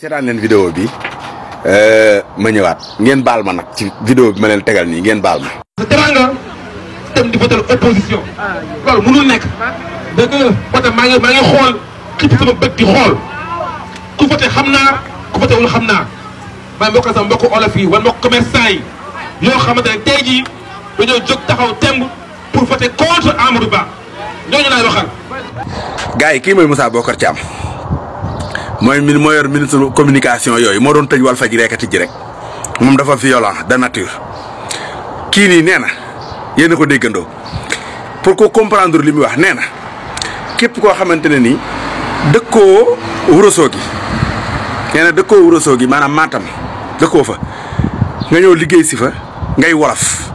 seetaan leen vidéo bi euh, ma ñëwaat ngeen baal ma nag ci vidéo bi ma leen tegal nii ngeen baal ma. parce nga dem di votal opposition loolu mënul nekk dëgg la maa ngi maa ngi xool xippi sama bët di xool ku voté xam naa ku voté wul xam naa maa mbokk sama mbokk olof yi wala mbokk commerçant yi yoo xamante ne tey jii dañoo jóg taxaw temb pour voter contre Amadou Ba ñooñu laay waxal. gars yi kii mooy Moussa Bokar Thiam. mooy min moo yor ministre communication yooyu moo doon tëj wal fajiri ak tijji rek moom dafa violent de nature kii nii nee na yéen ko déggandoo pour ko comprendre li muy wax nee na deko koo xamante ne nii dëkkoo wurasoo gi nee na dëkkoo wurasoo gi maanaam maatam dëkkoo fa nga ñëw liggéey si fa ngay wolof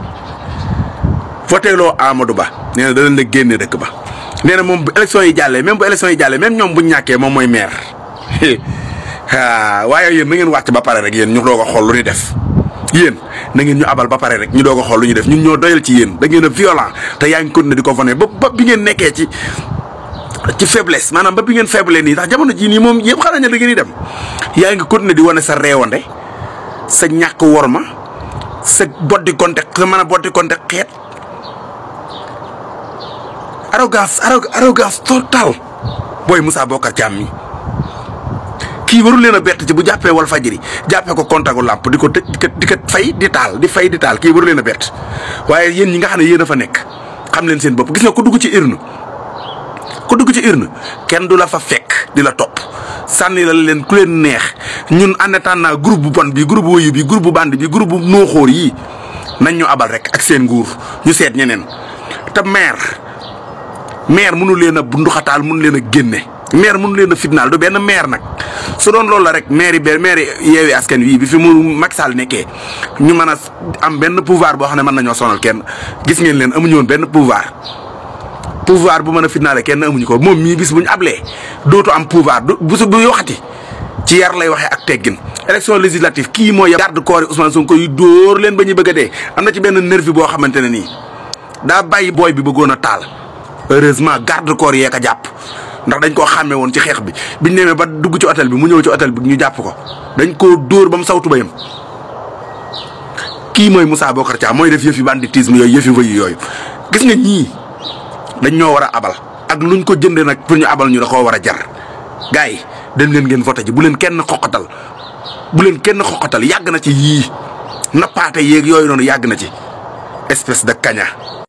voteeloo amadou ba nee na danañ la ba yi même bu yi même maire waaye yéen na ngeen wàcc ba pare rek yéen ñu doog a xool lu ñu def yéen na ngeen ñu abal ba pare rek ñu doog a xool lu ñu def ñun ñoo doyal ci yéen da ngeen a violent te yaa ngi continué di ko vone ba ba bi ngeen nekkee ci ci faiblesse maanaam ba bi ngeen faible nii ndax jamono ji nii moom yëpp xanaa ñu da ngeen di dem yaa ngi continué di wane sa réewande sa ñàkk worma sa boddi konte sa mën a boddi konte xeet arrogance arrogance total boy Moussa Bokar Thiam mi ki warul leena bet ci bu jappé wal fajiri jappé ko contact lamp diko ko di ko fay di tal di fay di tal ki warul leena bet waye yeen yi nga xam yeena fa nek xam leen seen bop gis nga ko dugg ci urne ko dugg ci urne kenn du la fa fekk di la top sànni la leen ku leen neex ñun en attendant groupe bu bon bi groupe bu bi groupe band bi groupe no xor yi nañu abal rek ak seen nguur ñu seet ñeneen ta maire maire mënu leen a bunduxataal mënu leena genné maire mënu leena fitnal du ben maire nak su doon loolu la rek maire bi maire yeewi askan wi bi fi mu Macky Sall nekkee ñu mën a am benn pouvoir boo xam ne mën nañoo sonal kenn gis ngeen leen amuñu woon benn pouvoir. pouvoir bu mën a fitnaale kenn amuñu ko moom mii bis bu ñu ablee dootu am pouvoir du bu su bu waxati ci yar lay waxee ak teggin élection législative kii mooy garde corps yi Ousmane Sonko yu dóor leen ba ñu bëgg a dee am na ci benn nervi boo xamante ne nii daa bàyyi booy bi bëggoon a taal heureusement garde corps yee ko jàpp. ndax dañ ko xàmmee woon ci xeex bi biñ demee ba dugg ci hôtel bi mu ñëw ci hôtel bi ñu jàpp ko dañ koo dóor ba mu sawtu bayam kii mooy Moussa Bocar Thiam mooy def yëfi banditisme yooyu yëfi vëyu yooyu gis nga ñii dañ ñoo war a abal ak luñ ko jëndee nag pour ñu abal ñu da koo war a jar gars yi dem leen ngeen voté ji bu leen kenn xoqatal bu leen kenn xoqatal yàgg na ci yii nappaate yeeg yooyu noonu yàgg na ci espèce de kaña